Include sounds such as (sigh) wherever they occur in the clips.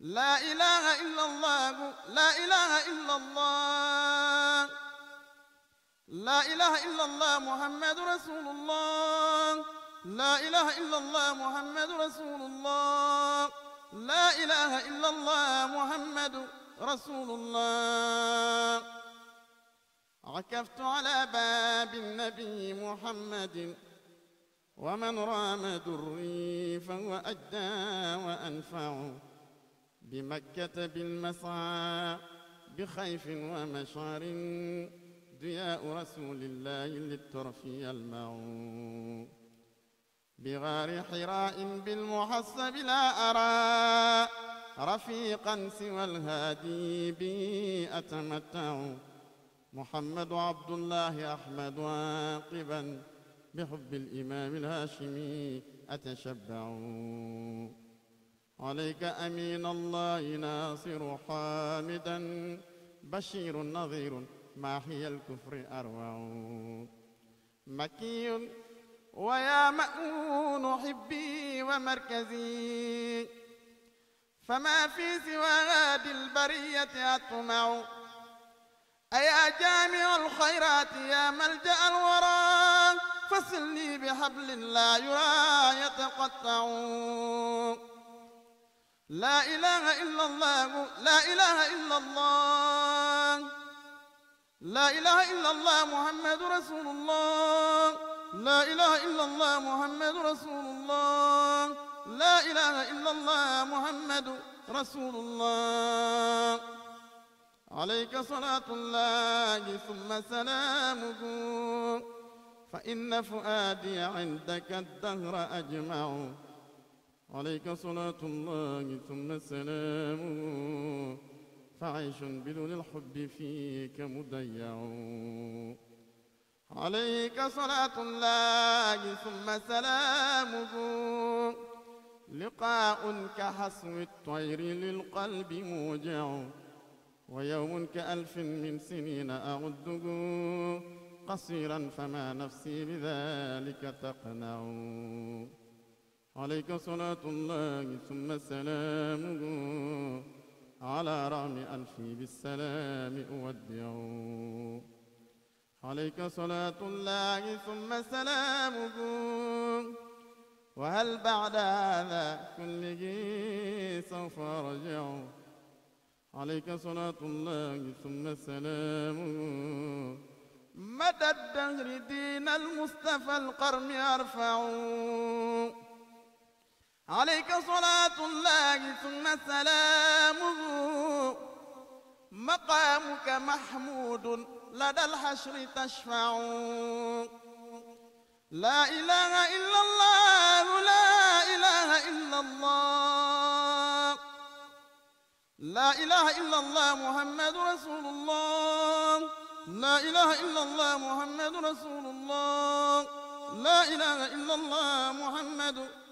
laa ilaha illa allah laa ilaha illa allah laa ilaha illa allah muhammadu rasulullah laa ilaha illa allah muhammadu rasulullah laa ilaha illa allah muhammadu rasulullah عكفت على باب النبي محمد ومن رام دري فهو أجدى وأنفع بمكة بالمسعى بخيف ومشعر ضياء رسول الله للترفي المعو بغار حراء بالمحصب لا أرى رفيقا سوى الهادي بي أتمتع محمد عبد الله أحمد واقبا بحب الإمام الهاشمي أتشبع عليك أمين الله ناصر حامدا بشير نظير ما هي الكفر أروع مكي ويا مأمون حبي ومركزي فما في سوى غاد البرية أطمع أيا جامع الخيرات يا ملجأ الورى فصلني بحبل لا يرى يتقطع laa ilaha illa allah laa ilaha illa allah laa ilaha illa allah muhammadu rasulullah laa ilaha illa allah muhammadu rasulullah laa ilaha illa allah muhammadu rasulullah alayka salaatullahi summa salaamuhu fa inna fuaadi indaka dahra ajmacu عليك صلاة الله ثم سلام فعيش بدون الحب فيك مضيع عليك صلاة الله ثم سلامه لقاء كحصو الطير للقلب موجع ويوم كألف من سنين أعده قصيرا فما نفسي بذلك تقنع عليك صلاة الله ثم سلامه على رغم أنفي بالسلام أودع عليك صلاة الله ثم سلامه وهل بعد هذا كله سوف رجع عليك صلاة الله ثم سلامه مدى الدهر دين المصطفى القرم أرفعه عليك صلاة الله ثم سلامه مقامك محمود لدى الحشر تشفع لا إله إلا الله لا إله إلا الله لا إله إلا الله محمد رسول الله لا إله إلا الله محمد رسول الله لا إله إلا الله محمد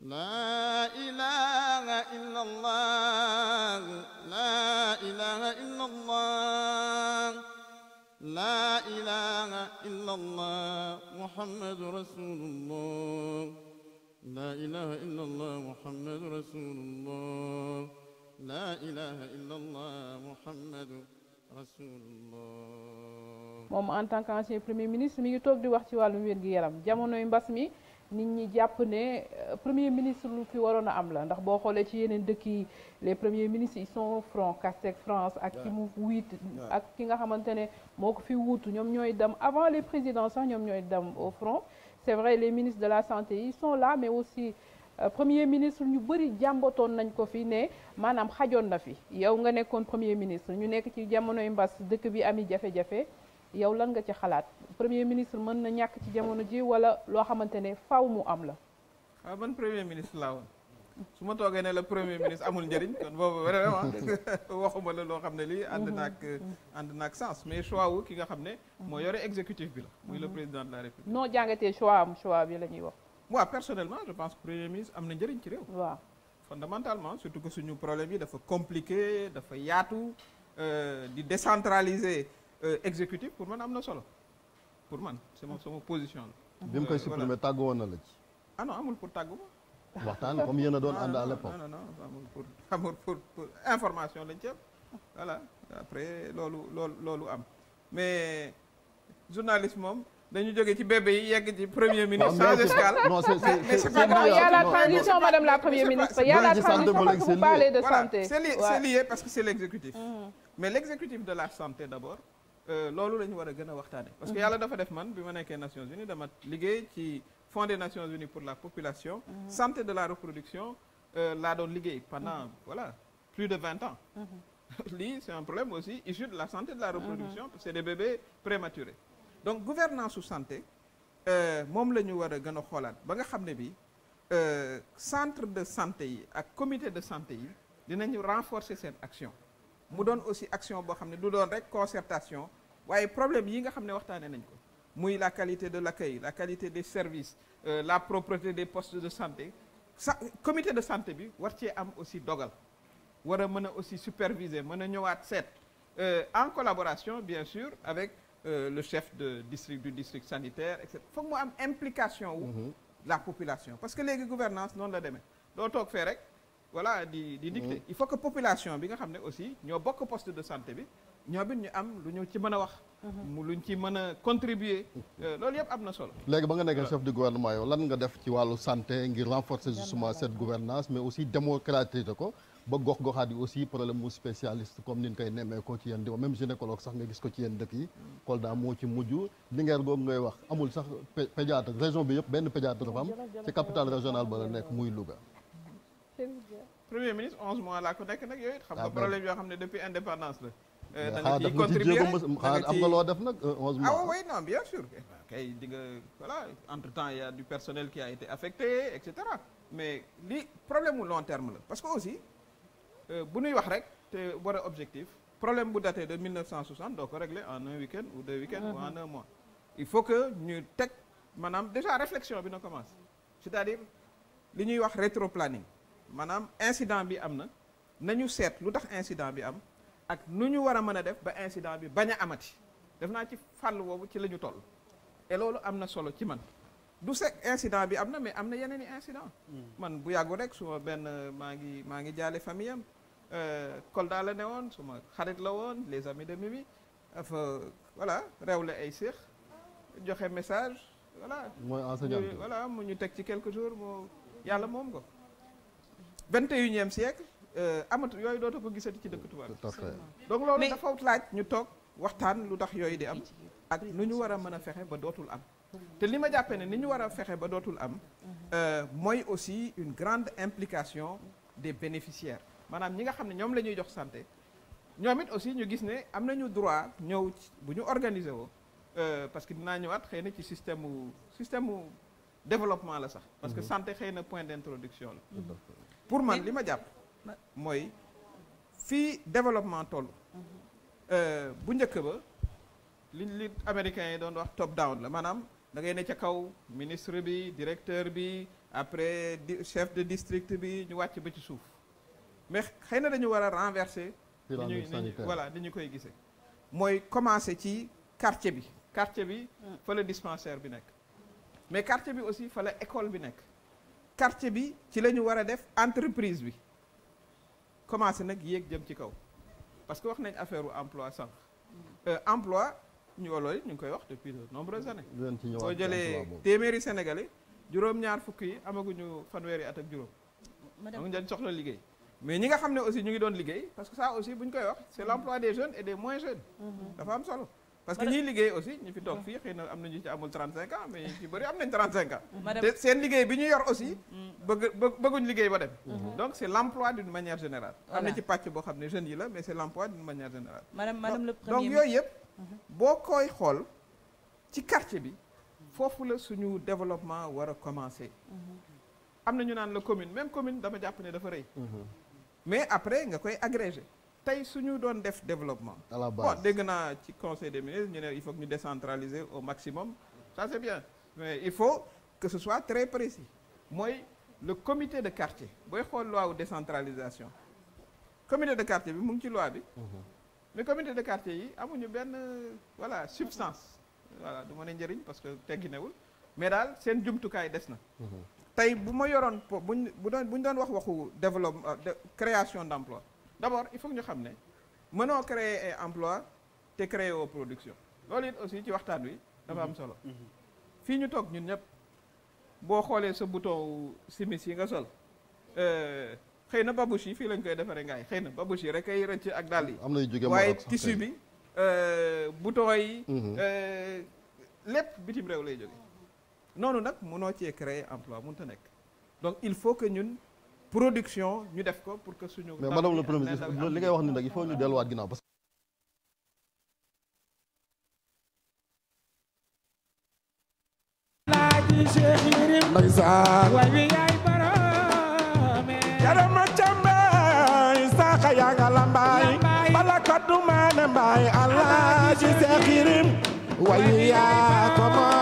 لا إله إلا الله لا إله إلا الله لا إله إلا الله محمد رسول الله لا إله إلا الله محمد رسول الله لا إله إلا الله محمد رسول الله moom en tant qu'ancien premier ministre mi ngi toog di wax ci wàllum wér-gu-yaram jamonoy mbas mi nit ñi jàpp ne euh, premier ministre lu fi waroon a am la ndax boo xoolee ci yeneen dëkk yi les premiers ministres ils sont franc Castex France ak ki mu wiit ak ki nga xamante ne moo ko fi wuutu ñoom ñooy dem avant les présidents sax ñoom ñooy dem au front c'est vrai les ministres de la santé ils sont là mais aussi euh, premier ministre ñu bëri jàmbatoon nañ ko fi ne maanaam xajoon na fi yow nga nekkoon premier ministre ñu nekk ci jamonoy mbas dëkk bi ami jafe-jafe yow lan nga ci xalaat premier ministre mën na ñàkk ci jamono ji wala loo xamante ne faw mu am la. waaw ah, man premier ministre laa woon su ma toogee ne la premier ministre amul njëriñ kon boobu vraiment (laughs) waxuma loo xam ne lii ànd naag ànd naag sens mais choix wu ki nga xam ne. moo yore exécutif bi muy le président de la république. noo jàngatee choix am choix bi la ñuy wax. waaw personnellement je pense que premier ministre am na njëriñ ci réew. fondamentalement surtout que suñu problème yi dafa compliquer dafa yaatu euh, di décentraliser. Euh, exécutif pour man am na solo pour man sama sama position la. bi mu koy euh, supprimer tàggu woon na la ci. ah non amul pour tàggu ma. waxtaan comme yéen a doon ànd à l'époque. non non amul pour (laughs) amul pour pour information lañ ci am voilà après loolu loolu loolu am mais journaliste moom. dañu jóge ci bébé yi yegg ci premier ministre sans escale. non c'est c'est pas a la transition madame la première ministre. il a la transition parce que vous de santé. voilà c'est lié c'est l'exécutif. Mm. mais l'exécutif de la santé d'abord. Euh, loolu lañu war a gën a waxtaane parce que mhm. yàlla dafa def man bi ma nekkee Nations Unies dama liggéey ci Fonds des Nations Unies pour la population mhm. santé de la reproduction euh, laa doon liggéey pendant mhm. voilà plus de vingt ans (laughs) lii c'est un problème aussi issu de la santé de la reproduction c'est des bébés prématurés donc gouvernance su santé euh, moom la ñu war a gën a xoolaat ba nga xam ne bi centre de santé yi ak comité de santé yi dinañu renforcer seen action mu doon aussi action boo xam ne du doon rek concertation waaye problème yi nga xam ne waxtaanee nañ ko muy la qualité de l'accueil la qualité des services euh, la propreté des postes de santé sa comité de santé bi war cee am aussi dogal war a mën a aussi superviser mën a ñëwaat seet euh, en collaboration bien sûr avec euh, le chef de district du district sanitaire et cetera mu am implication wu mm-hmm. la population parce que léegi gouvernance noonu la demee loo toog fee rek voilà di di mm-hmm. dicter il faut que population bi nga xam ne aussi ñoo bokk poste de santé bi ñoom it ñu am lu ñu ci mën a wax mm-hmm. mu luñ ci mën a contribuer mm-hmm. euh, loolu yëpp am na solo léegi ba nga nekkee chef du gouvernement yow lan nga def ci wàllu santé ngir renforcer justement cette gouvernance mais aussi démocratiser ko ba gox-goxaat yi aussi problème mu spécialiste comme ni ñu koy nemmee ko ci yéen di même gynécologue sax nga gis ko ci yéen dëkk yi Kolda moo ci mujj Linguère googu ngay wax amul sax pédiatre région bi yëpp benn pédiatre dafa am ci ba la nekk muy Louga premier ministre onze mois laa ko nekk nag yooyu xam nga problème yoo xam ne depuis indépendance la. da nga ciy contribuer xanaa am nga loo def nag euh, onze mois. ah bien sûr eh kay di nga voilà entre temps il y a du personnel qui a été affecté et mais li problème mu long terme la parce que aussi euh, bu nuy wax rek te war a objectif problème bu daté de 1960 doo ko régler en un week-end ou deux week-ends ou un mois. il faut que ñu teg maanaam déjà réflexion bi na commence c'est-à-dire li ñuy wax rétroplanning. maanaam incident bi am na nañu seet lu tax incident bi am ak nu ñu war a mën a def ba incident bi bañ a amati def naa ci fàll boobu ci la ñu toll et loolu am na solo ci man du se incident bi am na mais am na yeneen i incident hmm. man bu yàggu rek suma benn maa ngi maa ngi jaale famille am euh, Kolda la ne woon su ma xarit la woon les amis de Mimi dafa voilà réew ay séex joxe message voilà mooy enseignant voilà mu ñu teg ci quelque jours moo yàlla moom ko vingt et unième siècle euh, amatul yooyu dootoo ko gisati ci dëkk tubaab donc loolu dafa laaj ñu toog waxtaan lu tax yooyu di am ak nu ñu war a mën a fexe ba dootul am te li ma jàppee ne ni ñu war a fexe ba dootul am mhm. euh, mooy aussi une grande implication des bénéficiaires maanaam ñi nga xam ne ñoom la ñuy jox santé ñoom it aussi ñu gis ne am nañu droit ñëw bu ñu organiser woo euh, parce que dinaa ñëwaat xëy na ci système mu système mu développement la sax parce que mhm. santé xëy na point d'introduction la pour man li ma jàpp mooy fii développement toll. Mhm. Euh, bu njëkk ba li li américains yi doon wax top down la maanaam da ngay ne ca kaw ministre bi directeur bi après di chef de district bi ñu wàcc ba ci suuf mais xëy na dañu war a renverser. ni ñu voilà ni ñu koy gise mooy commencer ci quartier bi. quartier bi mm. fa la dispensaire bi nekk mais quartier bi aussi fa la école bi nekk. quartier bi ci la ñu war a def entreprise bi commencé nag yéeg jëm ci kaw parce que wax nañ affaire u emploi sànq euh, emploi ñu loolu ñu ngi koy wax depuis de nombreuses années soo jëlee téeméeri sénégalais juróom-ñaar fukki yi amaguñu fanweeri at ak juróom donc dañ soxla liggéey mais ñi nga xam ne aussi ñu ngi doon liggéey parce que ça aussi bu ñu koy wax c'est l'emploi des jeunes et des moins jeunes mm-hmm. dafa am solo parce que ñiy liggéey aussi ñu fi toog fii xëy na am na ñu ci amul 35 ans mais am nañ liggéey bi ñu yor aussi. Mm. bëgg bëgguñ liggéey ba dem. c' est l' emploi ne jeunes yi la mais c' est mm-hmm. boo koy xool ci quartier bi. foofu la suñu développement war a commencer. Mm-hmm. am na ñu naan la commune même commune dama jàpp ne dafa rëy. Mm-hmm. mais après nga koy agrégé. tey su ñu doon def développement. à la oh, base bon dégg naa ci conseil des ministres ñu ne il faut ñu décentraliser au maximum ça c'est bien mais il faut que ce soit très précis mooy le comité de quartier booy xool loi wu décentralisation comité de quartier bi mu ngi ci loi bi. Mhm. mais comité de quartier yi amuñu benn voilà substance. voilà du ma ne njëriñ parce que tegginewul mais daal seen jumtukaay des na. Mhm. tey bu ma yoroon po buñ bu doon bu ñu doon wax waxu développement euh, création d'emploi. d' abord il faut ñu xam ne mënoo créer ay emploi te créer woo production loolu it aussi ci waxtaan wi dafa am solo mhm. fii ñu toog ñun ñëpp boo xoolee sa bouton simis yi nga sol euh, xëy na babouche yi fii lañ koy defaree ngaay xëy na babouche yi rek ay rëcc ak dàll yi am na jóge waaye tissu bi euh, bouton yi mhm. euh, lépp bitim réew lay jóge noonu nag mënoo cee créer emploi mun a nekk donc il faut que ñun production ñu def ko pour que suñu. mais madame wax ni nag il faut ñu bala ko du maane allah ci seexirim way wi yaa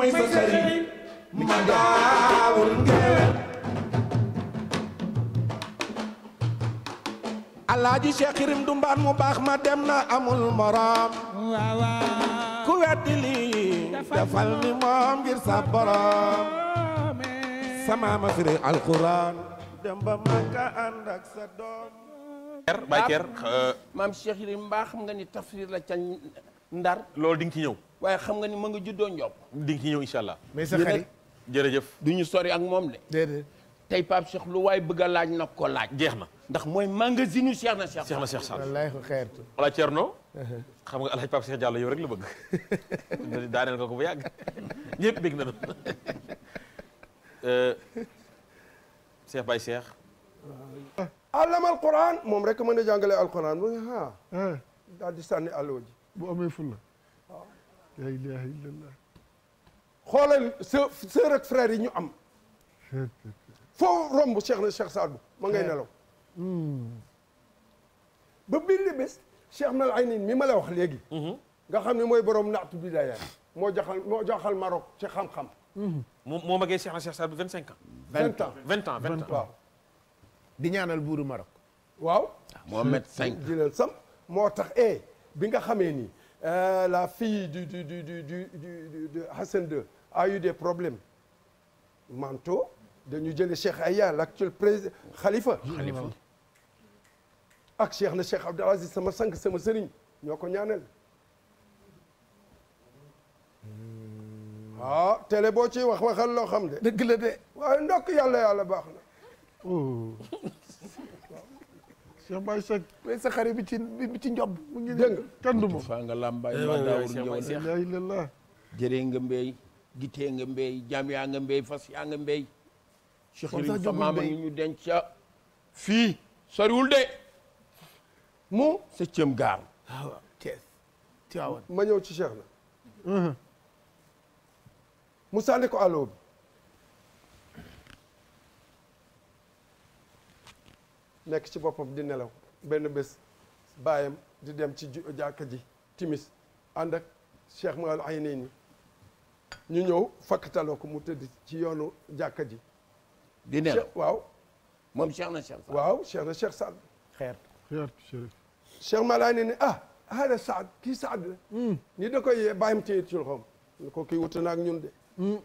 may sa alaaji Cheikh Yérim baax ma na amul moroom ku weddi lii sama ma firi alquran Cheikh Yérim mbaa xam nga ni la ca Ndar loolu di ci ñëw waaye xam nga ni ma nga juddoo Ndiob. di ci ñëw incha allah. mais sa xarit jërëjëf. du ñu sori ak moom de. déedéet tey Pape Cheikh lu waaye bëgg laaj na ko laaj. jeex na ndax mooy magasinu Cheikh na seex Cheikh na seex Sall wallaahi ko xeertu. wala Thierno. Uh-huh. xam nga El Hadj Pape jàll Diallo yow rek la bëgg (laughs) daaneel nga ko bu yàgg ñëpp bég na nu. Euh, Cheikh Baye Cheikh. allama alquran moom rek mën a jàngale alquran bu ah. ah. di sànni allo ji. bu amee ful la. la ilaha illallah xoolal sœur ak frère yi ñu am foo romb cheikh na cheikh Saadu ma ngay nelaw ba bind bés cheikh mal aynin mi ma la wax léegi nga xam ne mooy borom naatu bidaaya moo jaxal moo jaxal Maroc ci xam-xam moo magee cheikh na cheikh Saadu vingt cinq ans vingt ans vingt ans vingt ans waaw di ñaanal buuru Maroc waaw Mohamed cinq jilal sam moo tax e bi nga xamee nii Euh, la fille du du du du du du Hassan II a eu des problèmes mentaux dañu jëlee Cheikh Aya l'actuel président Khalifa. Khalifa ak Cheikh na Cheikh Abdou Aziz sama sang sama sëriñ ñoo ko ñaanal. Hmm. ah télé boo ciy wax waxal loo xam de. dëgg la de waaye ndokk yàlla yàlla baax na. Oh. (laughs) Cheikh Baye Seck. mais sa xarit bi ci bi ci njob. mu ngi dégg kenn du ma faa nga làmbaay ma daawul ñëw Cheikh la ilallah jëree nga mbéy gitee nga mbéy jam yaa nga mbéy fas yaa nga mbéy Cheikh Ibrahim sa maama ñu ñu denc fii soriwul de mu sa cëm gaar ah, waaw Thiès Tivaouane ma ñëw ci Cheikh na Moussa ne ko allo bi nekk ci boppam di nelaw benn bés baayam di dem ci jàkka ji timis ànd ak cheikh maal ay nii ñu ñëw fakkataloo ko mu tëdd ci yoonu jàkka ji di nelaw waaw moom cheikh na cheikh waaw cheikh na cheikh saad xeer xeer chérif cheikh maal ay nii ah hada saad kii saad la hmm. ni da koy yee baayam téye ci ko kii wute naag ñun de hmm.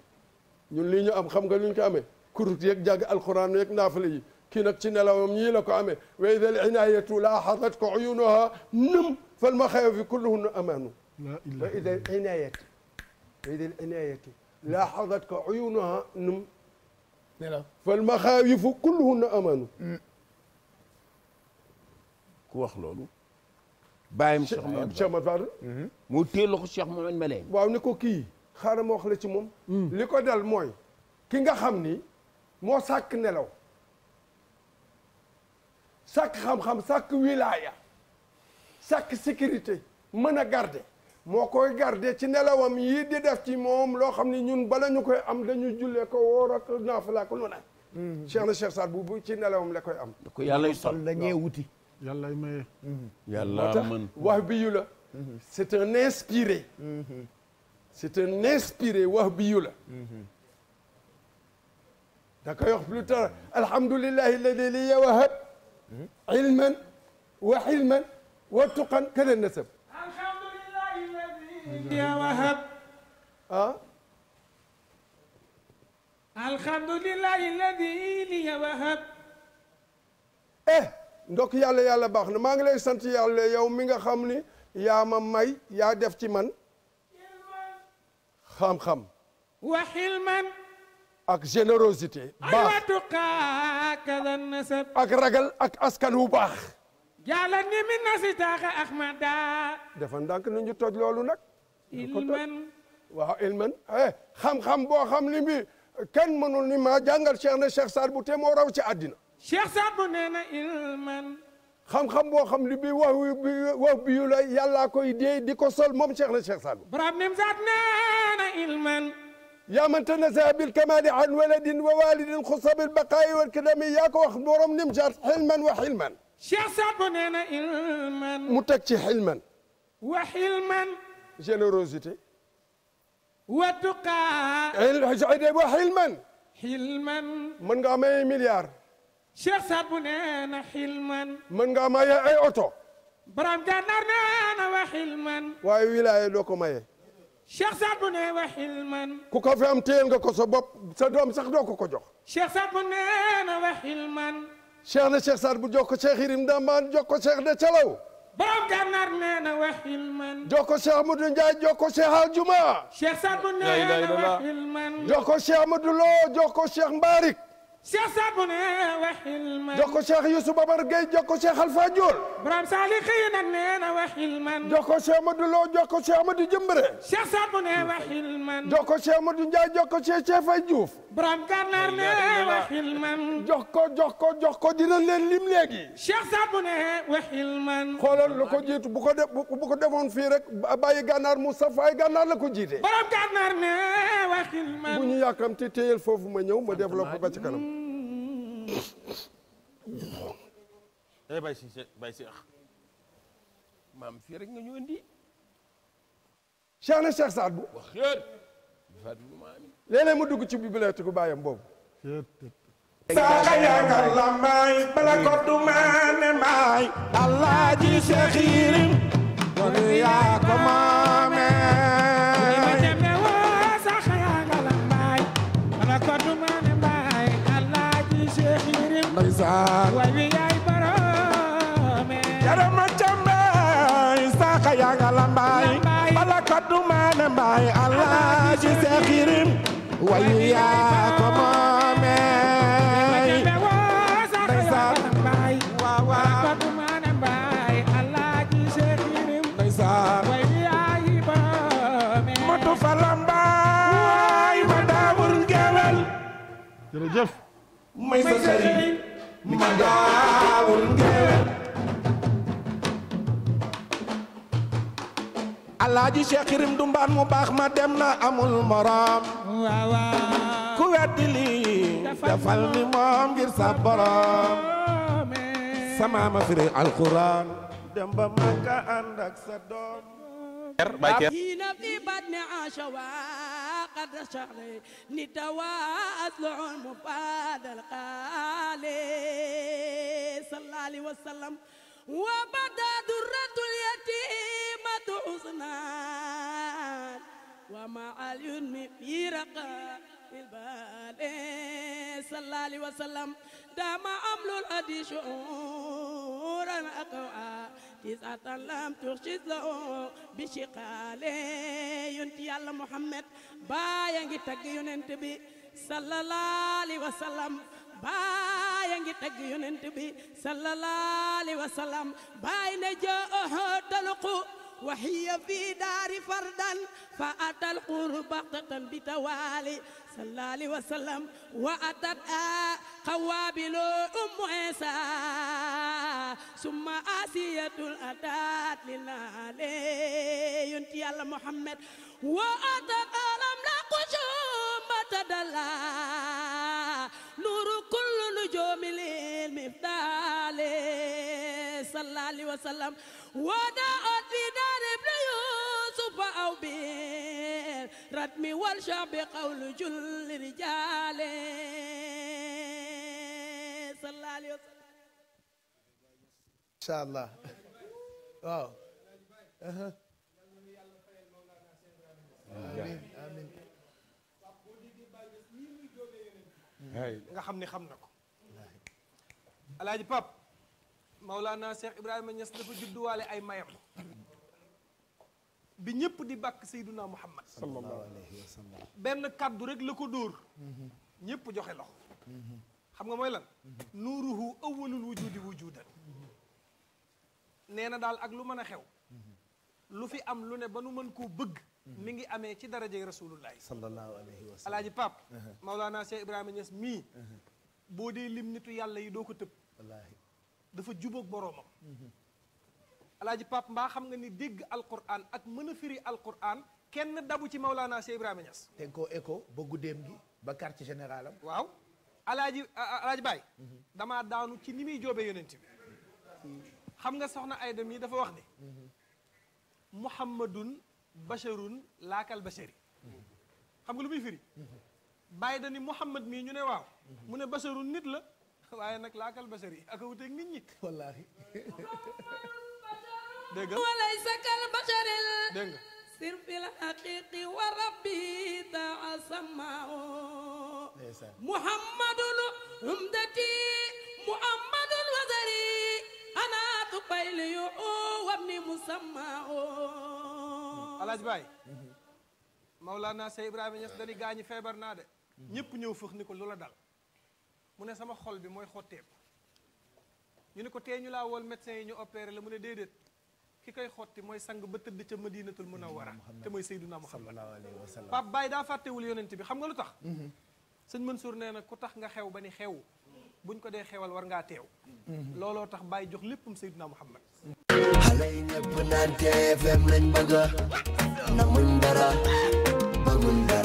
ñun lii ñu am xam nga liñu ñu ko amee kurut yeeg jàng alxuraan yeeg naafale yi kii nag ci nelawam ñii la ko amee wa ida al inayatu la axadat ko uyunuha num fal maxaawifi kulluhunna amaanu wa ida al inayatu wa ida al inayatu la axadat ko uyunuha num fal maxaawifu kulluhunna amaanu mm. ku wax loolu bàyyam Cheikh Mouhamed Cheikh Mouhamed Fadel mm-hmm. mu téye loxo Cheikh Mouhamed Mbeleye waaw ni ko kii xaaral ma wax la ci moom mm. li ko dal mooy ki nga xam ni moo sàkk nelaw sàkk xam-xam sàkk wilaaya sàkk sécurité mën a garde moo koy garde ci nelawam yi di def ci moom loo xam ne ñun bala ñu koy am ñu jullee ko wóor ak naafila ak lu ne hmm. Cheikh na Cheikh Saad bu bu ci nelawam la koy am ko yàlla yu sol la ñee wuti yàlla yu maye hmm. yàlla mën wax bi yu la hmm. c'est wax bi yu da koy wax plus tard alhamdulillahi alladi li wahab علما وحلما وتقا كذا النسب الحمد لله الذي يا وهب اه الحمد لله الذي لي وهب eh ndok yàlla yàlla baax na maa ngi lay sant yàlla yow mi nga xam ni yaa ma may yaa def ci man xam-xam wa xilman ak générosité baax ak ragal ak askan wu baax yàlla ni mi nasi taaxa ahmada dafa ndànk nu ñu tooj loolu nag ilman waaw ilman eh xam-xam boo xam ni bi kenn mënul ni maa jàngal cheikh na cheikh Saad bu te moo raw ci àddina cheikh Saad bu nee na ilman xam-xam boo xam ni bi wax bi wax bi yu la koy dee di ko sol moom cheikh na cheikh Saad bu brab nim saat nee ilman yaa man tanazaha bil kamaali an waladin wa walidin xusa bil baqaayi wal kidami yaa ko wax borom nim jaar xilman wa xilman cheikh Sadbou nee na ilman mu teg ci xilman wa xilman générosité wa tuqaa wa xilman xilman mën nga am ay milliards cheikh Sadbou nee na xilman mën nga am ay oto baram gànnaar nee na wa xilman waaye wilaaya doo ko maye cheikh Saad bu ne wa xilman. ku ko fi am téyel nga ko sa bopp sa doom sax doo ko jox. cheikh Saad bu ne na wa xilman. cheikh na cheikh Saad bu jox ko Irim Dambaan jox ko cheikh de Calaw. borom gànnaar nee na wa xilman. jox ko cheikh Amadou Ndiaye cheikh Sadbou ne waxil man jox ko cheikh Youssouf Babar Gueye jox ko cheikh Alpha Diol. borom saalixiin ak nee na waxil man. jox ko cheikh Amadou Lo jox ko cheikh Amadou Jëmbëre. cheikh Sadbou ne waxil man. jox ko cheikh Amadou Ndiaye jox ko cheikh Cheikh Faye Diouf. borom gànnaar ne waxil man. jox ko jox ko jox ko dina leen lim léegi. cheikh Sadbou ne waxil man. xoolal lu ko jiitu bu ko def bu ko defoon fii rek bàyyi gànnaar Moustapha ay gànnaar la ko jiite. borom gànnaar ne waxil man. bu ñu yàkkamti téyel foofu ma ñëw ma développé ba ci kanam. day bay si bay si maam fii rek nga na Cheikh Saad Bou. mu dugg ci bibliothèque baayam boobu. saaka yaakaar la maay bala ko du maane maay. alaaji Cheikh Yirim. wala yaa ko maay. Saar way wi yaay boroome jarama cambaay saaka yaa nga lambaay bala kaddu maane mbaay allah ci seexirim way wi yaay alaaji Cheikh Yérim Dumbaan mu baax ma dem na amul moroom ku weddi lii defal ni moom ngir sa boroom sama ma firi alquran dem ba Makka ànd ak sa doom قدر شغلي نتواصل مفاد القالي صلى الله عليه وسلم وبدا درة اليتيم تحسنان وما علي في رقاب البال صلى الله عليه وسلم دام أمل الأدي شعورا أقوى تسعة لم تخشد له بشقال ينتي الله محمد بايا نجي تقي ينتبي صلى الله عليه وسلم baay a ngi tagg yonent bi sallallahu alayhi wa sallam baay ne jaa oxo taluqu وهي في دار فردا فأتى القرب بغتة بتوالي صلى الله عليه وسلم وأتت قوابل أم عيسى ثم آسية الأتات للعلي ينتي على محمد وأتت ألم لقشوم تدلى نور كل نجوم العلم إفدالي صلى الله عليه وسلم ودعت أو بالردم والشعب قول جل رجال صلى الله عليه وسلم إن شاء الله واو أها آمين آمين nga xam ne xam na ko alaaji pap Maulana Cheikh Ibrahima Niass dafa judduwaale ay mayam bi ñëpp di bàkk Seyduna Muhammad sallallahu alayhi wa sallam benn kàddu rek la ko dóor ñëpp joxe loxo xam nga mooy lan nuuruhu awwalul wujudi wujudan nee na daal ak lu mën a xew lu fi am lu ne ba nu mën koo bëgg mi ngi amee ci darajey rasulullahi sallallahu alayhi wa sallam alaaji Pape uh-huh. Maulana Cheikh Ibrahima Niass mii uh-huh. boo dee lim nitu yàlla yi doo ko tëb dafa jubóog boroomam uh-huh. alaaji pap mbaa xam nga ni dégg alquran ak mën a firi alquran kenn dabu ci Maulana Cheikh Ibrahima Niass. te ko écho ba guddeem gi ba quartier général am. waaw alaaji alaaji baay damaa daanu ci ni muy joobe yonent bi xam nga soxna Ayda mii dafa wax ne. muhammadun basharun laakal bashari xam nga lu muy firi. bàyyi dani muhammad mii ñu ne waaw. mu ne basharun nit la (laughs) waaye nag laakal bashari ak wuteeg nit ñi. (laughs) وليس كالبشر سر في الحقيق وربي تعسمع محمد همدتي محمد الوزري أنا تقبيلي وابني مسمع alaaj baay Maulana Sey Ibrahima Niass dañu gaañi feebar naa de ñëpp ñëw fëx ni ko lu la dal mu ne sama xol bi mooy xotteeku ñu ne ko tee ñu laa wool médecin yi ñu opéré la mu ne déedéet ki koy xotti mooy sang ba tëdd ca madinatul munawwara te mooy sayduna muhammad Pape Baye daa fàttewul yonent bi xam nga lu tax man mhm. Mansour nee na ku tax nga xew ba ni xew buñ ko dee xewal war ngaa teew mhm. looloo tax baay jox léppam sayduna muhammad xale yi ñëpp naan TFM lañ bëgg namuñ dara bëgguñ dara